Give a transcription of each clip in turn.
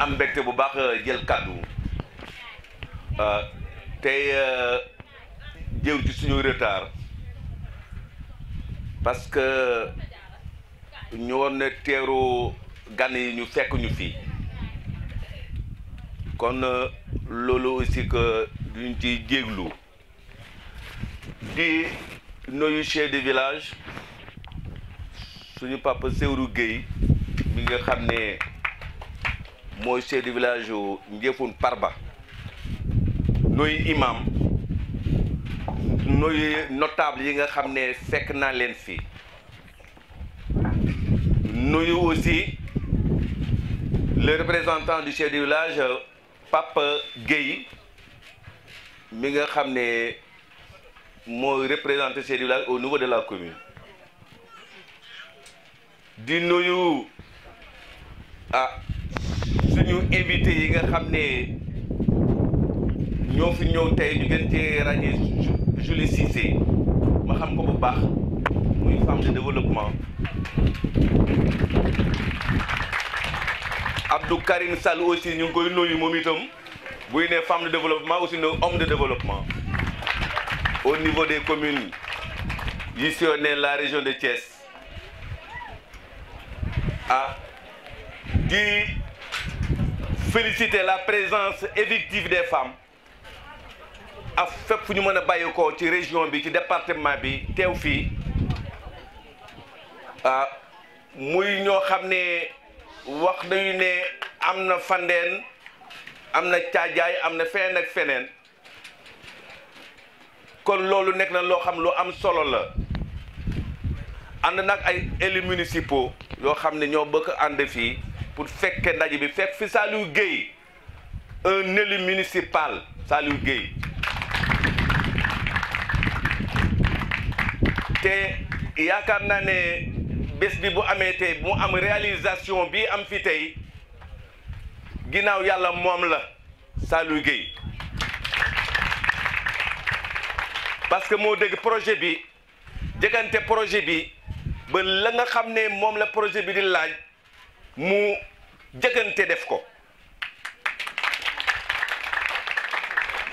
am mbégte bu baax euh, jël kàddu euh, tey euh, jëw ci suñu retard parce que ñu woon ne teeru gan yi ñu fekk ñu fii kon loolu aussi que duñ ci jéeglu di nuyu chef de village suñu papa Sewru Gueye mi nga xam ne mooy chef du village yu Ndiéfoune Parba nuyu imam nuyu notable yi nga xam ne fekk naa leen fii nuyu aussi le représentant du chef du village Papa Guèye mi nga xam ne mooy représenté chef du village au niveau de la commune di nuyu ah suñu invité yi nga xam ne ñoo fi ñëw tey ñu gën cee ràññee Julie Cissé ma xam ko bu baax muy femme de développement Abdou Karim ñu ngi koy nuyu moom itam buy ne femme de développement aussi ne homme de développement au niveau des commune yi sillonnent la région de Thiès ah di féliciter la présence effective des femmes ak fépp fu ñu mën a bàyyi ko ci région bi ci département bi teew fii ah muy ñoo xam ne wax nañu ne am na Fandène am na Caajaay am na feneen ak feneen kon loolu nekk na loo xam lu am solo la ànd nag ay élus municipaux yoo xam ne ñoo bëgg ànd fii pour fekkee ndaje bi fekk fi Saliou géey un élu municipal Saliou Guèye te yaakaar naa ne bés bi bu amee tey bu am réalisation bi am fi tey ginnaaw yàlla moom la Saliou géey parce que moo dégg projet bi jegante projet bi ba la nga xam ne moom la projet bi di laaj mu jëkkante def ko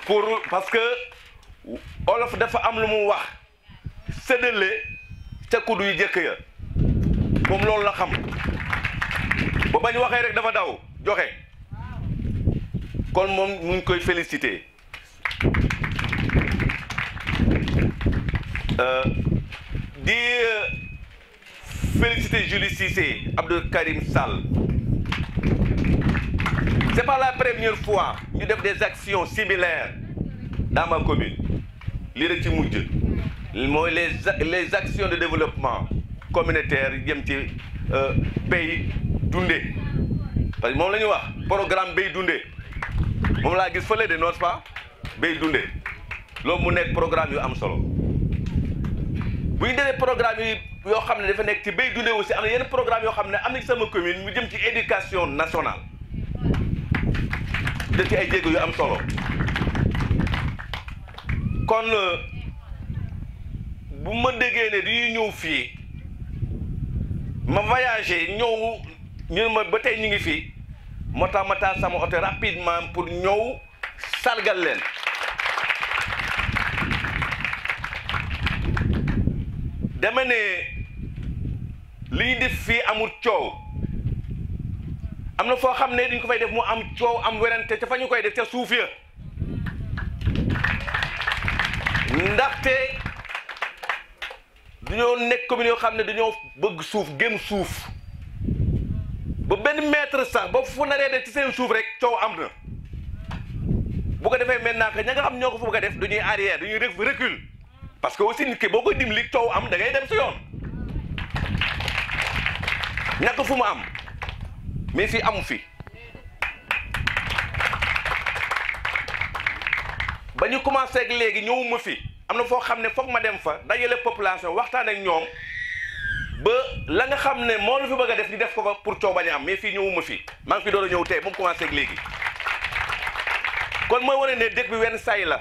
pour parce que olof dafa am lu mu wax séddale ca kuddu yu jëkk ya moom loolu la xam ba waxee rek dafa daw joxe kon moom mu ngi koy félicité euh, di euh, féliciter Julie Cissé, Abdou Karim Sall. Ce n'est pas la première fois nous def des actions similaires dans ma commune. Les, les actions de développement communautaire, euh, pays Dundé. Parce que la avons le programme Pays Dundé. Nous avons vu, n'est-ce pas Pays Dundé. C'est programme am est bu ñu demee programme yi yoo xam ne dafa nekk ci béy dundee aussi am na yenn programme yoo xam ne am na ci sama commune mu jëm ci éducation nationale def ci ay jéego yu am solo kon euh, bu ma déggee ne dañuy ñëw fii ma voyagé ñëw ñu ma ba tey ñu ngi fii moo tax ma taal sama oto rapidement pour ñëw sargal leen dama ne liy def fii amul coow am na foo xam ne dañ ko fay def mu am coow am werante ca fa ñu koy def ca suuf ya ndaxte dañoo nekk commune yoo xam ne dañoo bëgg suuf gëm suuf ba benn mètre sax ba fu naree def ci seen suuf rek coow am na bu ko defee maintenant que ña nga xam ñoo ko def bëgg ñuy def dañuy arrière dañuy recul parce que aussi nit ki boo koy dimbali coow am da ngay dem si yoon ñàkk fu mu am mais fii amu fi ba ñu commencé ak léegi ñëwuma fi am na foo xam ne foog ma dem fa dajale population waxtaan ak ñoom ba la nga xam ne moo la fi bëgg a def ñu def ko fa pour coow bañ a am mais fii ñëwuma fi maa ngi fi doon a ñëw tey moom commencé ak léegi kon mooy wane ne dëkk bi wenn say la.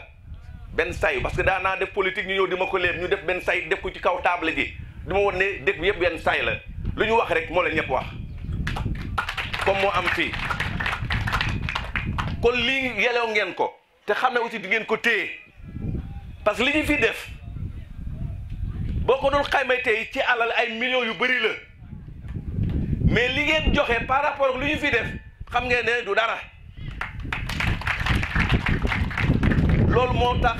benn say parce que daan naa def politique ñu ñëw di ma ko léeb ñu def benn say def ko ci kaw table ji du ma woon ne dëkk yëpp benn say la lu ñu wax rek moo la ñëpp wax comme moo am fii kon li yelew ngeen ko te xam ne aussi di ngeen ko téye parce que li ñu fi def boo ko dul xaymay tey ci alal ay millions yu bëri la mais li ngeen joxe par rapport ak lu ñu fi def xam ngeen ne du dara loolu moo tax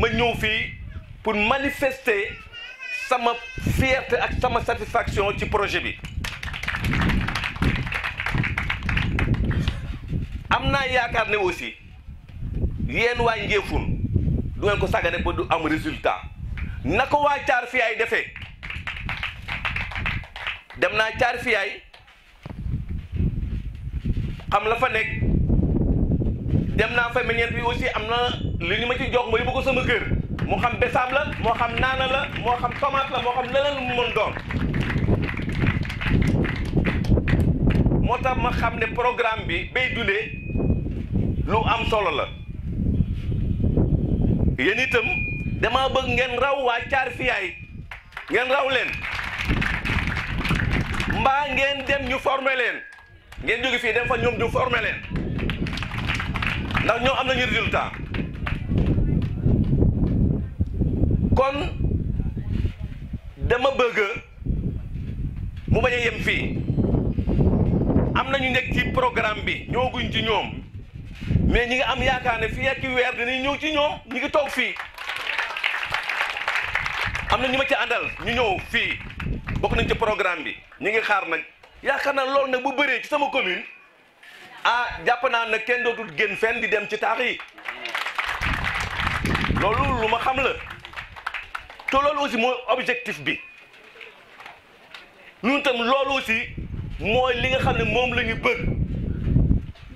ma ñëw fii pour manifester sama fierté ak sama satisfaction ci projet bi am naa yaakaar ne aussi yéen waa Njeefun du ngeen ko sàggane ba du am résultat na ko waa caar fiyaay defee dem naa caar fiyaay xam la fa nekk dem naa familière bi aussi am na li ñu ma ci jox ma yóbbu ko sama kër moo xam besaab la moo xam naana la moo xam tomate la moo xam leneen mu mën tax ma xam ne programme bi bay dundee lu am solo la yéen itam dama bëgg ngeen raw waa caar fiyaay ngeen raw leen mbaa ngeen dem ñu former ngeen jóge fii dem fa ñoom ñu former leen ndax ñoo am na ñu résultat kon dama bëgg mu bañ yem fii am nañu nekk ci programme bi ñooguñ ci ñoom mais ñi ngi am yaakaar ne fii ak weer dinañ ñëw ci ñoom ñi ngi toog fii am na ñu ma ci àndal ñu ñëw fii bokk nañ ci programme bi ñi ngi xaar nag yaakaar naa loolu nag bu bëree ci sama commune ah jàpp naa ne kenn dootul génn fen di dem ci taax yi loolu lu ma xam la te loolu aussi mooy objectif bi lu tam loolu mooy li nga xam ne moom la ñu bëgg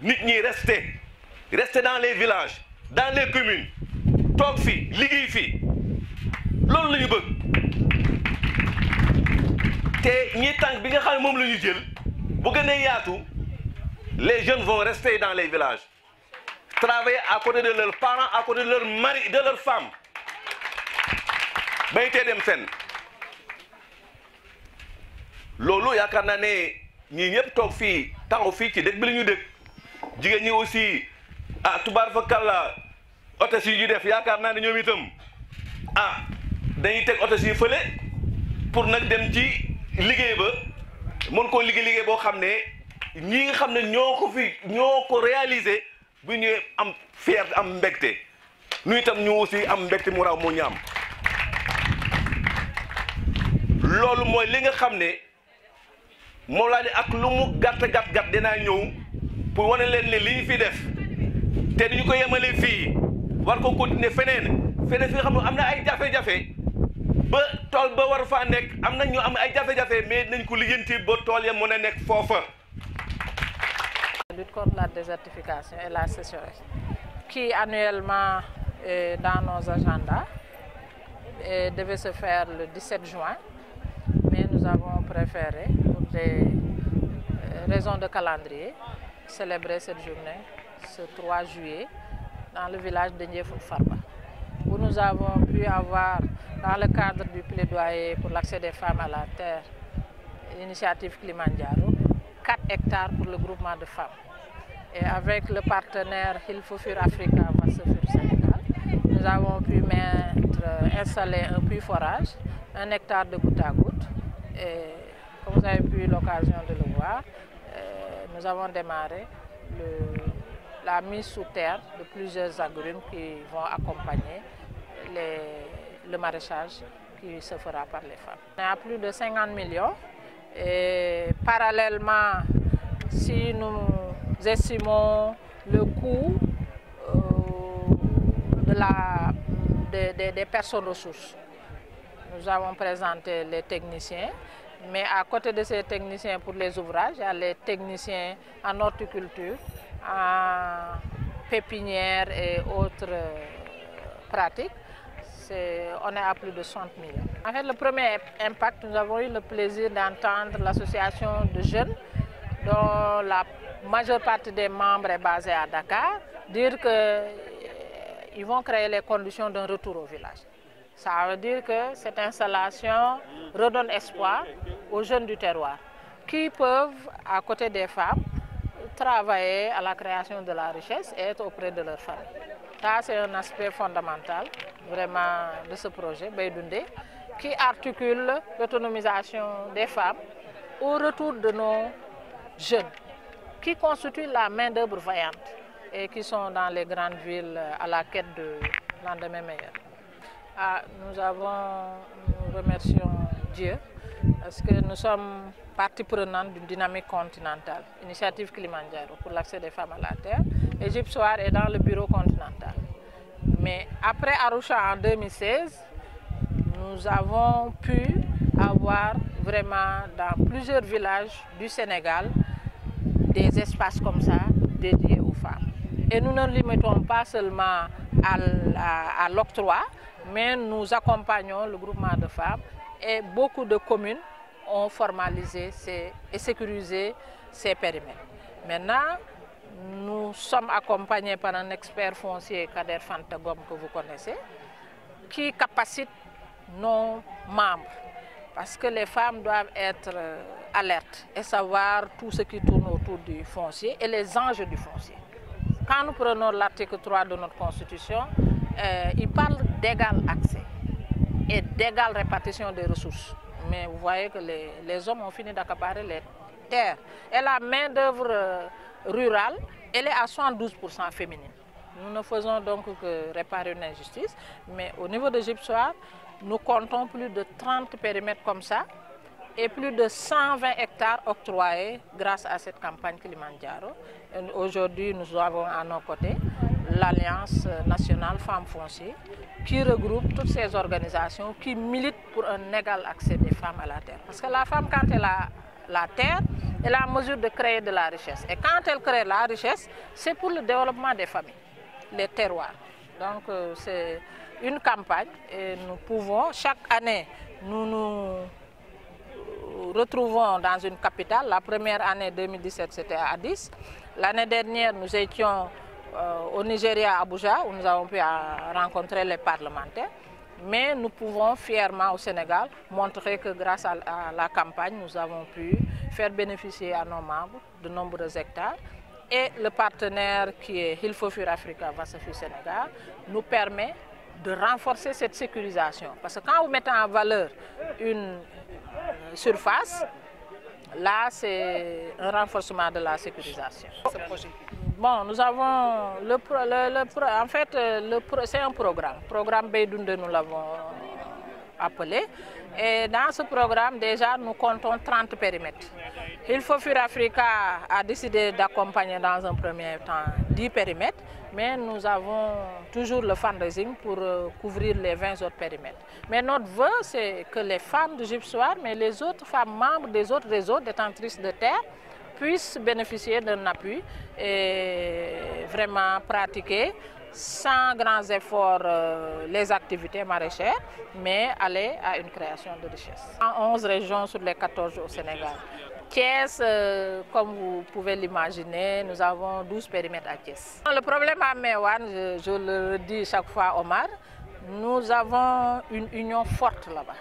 nit ñi rester rester dans les villages dans les communes toog fi liggéey fi loolu la ñu bëgg te ñi tànk bi nga xam ne moom la ñu jël bu gënee yaatu. les jeunes vont rester dans les villages, travailler à côté de leurs parents, à côté de leurs maris, de leurs femmes. baytee dem fenn loolu yaakaar naa ne ñii ñëpp toog fii taxaw fii ci dëkk bi la ñu dëkk jigéen ñi aussi ah tubaar fa kàlla otes yi ñu def yaakaar naa ne ñoom itam ah dañuy teg otes yi fële pour nag dem ci liggéey ba mën koo liggéey liggéey boo xam ne ñii nga xam ne ñoo ko fi ñoo ko réalisé bu ñu am fierté am mbegte nu itam ñu aussi am mbégte mu raw moo ñu am loolu mooy li nga xam ne moom laa ne ak lu mu gàtt gàtt gàtt dinaa ñëw pour wane leen li ñu fi def te ñu ko yemale fii war ko continuer feneen feneen fi nga xam ne am na ay jafe-jafe ba tool ba war a nekk am na ñu am ay jafe-jafe mais nañ ko lijjanti ba tool ya mën a nekk foofa. La lutte contre la désertification et la sécheresse, qui annuellement est dans nos agendas le 17 juin, mais nous avons préféré, euh, de calendrier, célébrer cette journée ce dans le village de Ndiéfoul-Farba, où le cadre du des femmes à la 4 hectares pour le groupement de femmes. Et avec le partenaire Hilfofur Africa Vassefur Sénégal, nous avons pu mettre, euh, installer un puits forage, un hectare de goutte à goutte. Et comme vous avez pu l'occasion de le voir, euh, nous avons démarré le, la mise sous terre de plusieurs agrumes qui vont accompagner les, le maraîchage qui se fera par les femmes. On est à plus de 50 millions Et parallèlement, si nous estimons le coût euh, de la, des de, de personnes ressources, nous avons présenté les techniciens, mais à côté de ces techniciens pour les ouvrages, il y a les techniciens en horticulture, en pépinière et autres euh, pratiques. on est à plus de 60 000. En fait, le premier impact, nous avons eu le plaisir d'entendre l'association de jeunes, dont la majeure partie des membres est basée à Dakar, dire qu'ils euh, vont créer les conditions d'un retour au village. Ça veut dire que cette installation redonne espoir aux jeunes du terroir qui peuvent, à côté des femmes, travailler à la création de la richesse et être auprès de leur famille. Ça, c'est un aspect fondamental. vraiment de ce projet Bay Dundé qui articule l'autonomisation des femmes au retour de nos jeunes qui constituent la main-d'œuvre vaillante et qui sont dans les grandes villes à la quête de lendemain meilleur. Ah, nous avons, nous remercions Dieu parce que nous sommes partie prenante d'une dynamique continentale, initiative Kilimanjaro pour l'accès des femmes à la terre. Égypte Soir est dans le bureau continental. Mais après Arusha en 2016, nous avons pu avoir vraiment dans plusieurs villages du Sénégal des espaces comme ça dédiés aux femmes. Et nous ne limitons pas seulement à l'octroi, mais nous accompagnons le groupement de femmes et beaucoup de communes ont formalisé ces, et sécurisé ces périmètres. Maintenant, Nous sommes accompagnés par un expert foncier, Kader Fantagom, que vous connaissez, qui capacite nos membres. Parce que les femmes doivent être euh, alertes et savoir tout ce qui tourne autour du foncier et les enjeux du foncier. Quand nous prenons l'article 3 de notre Constitution, euh, il parle d'égal accès et d'égale répartition des ressources. Mais vous voyez que les, les hommes ont fini d'accaparer les terres. Et la main-d'œuvre. Euh, rurale, elle est à 72% féminine. Nous ne faisons donc que réparer une injustice, mais au niveau de Gipsoir, nous comptons plus de 30 périmètres comme ça et plus de 120 hectares octroyés grâce à cette campagne Kilimanjaro. Aujourd'hui, nous avons à nos côtés l'Alliance nationale Femmes foncières qui regroupe toutes ces organisations qui militent pour un égal accès des femmes à la terre. Parce que la femme, quand elle la terre, et la mesure de créer de la richesse. Et quand elle la richesse, c'est pour le développement des familles, les terroirs. Donc euh, une campagne et chaque année, nous euh, dans une capitale. La première année 2017, c'était à Addis. L'année dernière, nous étions euh, au Nigeria, à Abuja, où nous avons pu euh, rencontrer les parlementaires. Mais nous pouvons fièrement au Sénégal montrer que grâce à la campagne, nous avons pu faire bénéficier à nos membres de nombreux hectares. Et le partenaire qui est Hilfofur Africa Vassafur Sénégal nous permet de renforcer cette sécurisation. Parce que quand vous mettez en valeur une euh, surface, là c'est un renforcement de la sécurisation. Ce projet. Bon, nous avons le, pro, le, en fait euh, le c'est un programme, programme Beydounde nous l'avons appelé et dans ce programme déjà nous comptons 30 périmètres. Il faut Fuir Africa a décidé d'accompagner dans un premier temps 10 périmètres mais nous avons toujours le fundraising pour euh, couvrir les 20 autres périmètres. Mais notre vœu c'est que les femmes du GIP Soir mais les autres femmes membres des autres réseaux détentrices de terre puissent bénéficier d'un appui et vraiment pratiquer sans grands efforts euh, les activités maraîchères, mais aller à une création de richesse. En 11 régions sur les 14 au Sénégal. Thiès, euh, comme vous pouvez l'imaginer, nous avons 12 périmètres à Thiès. Le problème à Mewan, je, je le dis chaque fois Omar, nous avons une union forte là-bas.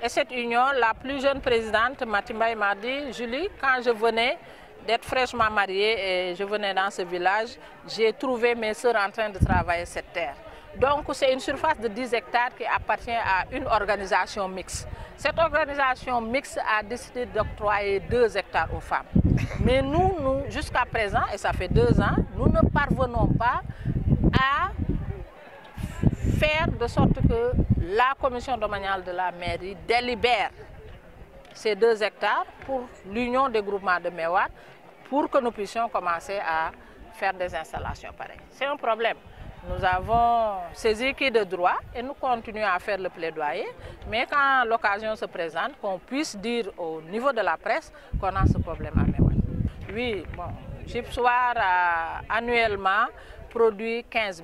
Et cette union, la plus jeune présidente, Matimbaï m'a dit, Julie, quand je venais d'être fraîchement mariée et je venais dans ce village, j'ai trouvé mes sœurs en train de travailler cette terre. Donc c'est une surface de 10 hectares qui appartient à une organisation mixte. Cette organisation mixte a décidé d'octroyer 2 hectares aux femmes. Mais nous, nous jusqu'à présent, et ça fait deux ans, nous ne parvenons pas à faire de sorte que la commission domaniale de la mairie délibère ces deux hectares pour l'union des groupements de Mewat pour que nous puissions commencer à faire des installations pareilles. C'est un problème. Nous avons saisi qui de droit et nous continuons à faire le plaidoyer. Mais quand l'occasion se présente, qu'on puisse dire au niveau de la presse qu'on a ce problème à Mewat. Oui, bon, Chipsoir a annuellement produit 15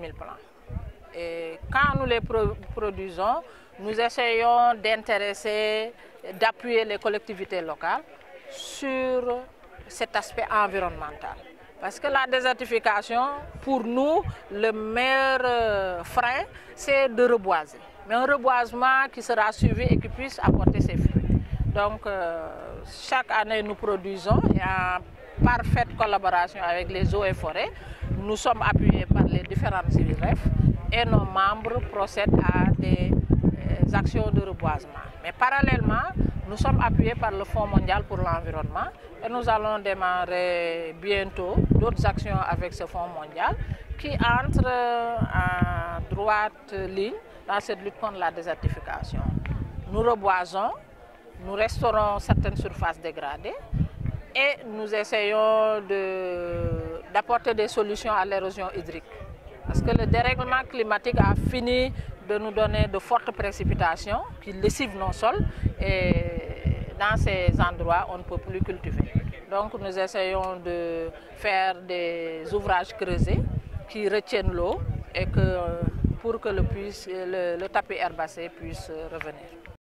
Et quand nous les produisons, nous essayons d'intéresser, d'appuyer les collectivités locales sur cet aspect environnemental. Parce que la désertification, pour nous, le meilleur euh, frein, c'est de reboiser. Mais un reboisement qui sera suivi et qui puisse apporter ses fruits. Donc, euh, chaque année, nous produisons et en parfaite collaboration avec les eaux et forêts, nous sommes appuyés par les différentes IREF et nos membres procèdent à des euh, actions de reboisement. Mais parallèlement, nous sommes appuyés par le Fonds mondial pour l'environnement et nous allons démarrer bientôt d'autres actions avec ce Fonds mondial qui entre en droite ligne dans cette lutte contre la désertification. Nous reboisons, nous restaurons certaines surfaces dégradées et nous essayons d'apporter des solutions à l'érosion hydrique. Parce que le dérèglement climatique a fini de nous donner de fortes précipitations qui lessivent nos sols et dans ces endroits, on ne peut plus cultiver. Donc nous essayons de faire des ouvrages creusés qui retiennent l'eau et que pour que le, puisse, le, le tapis herbacé puisse revenir.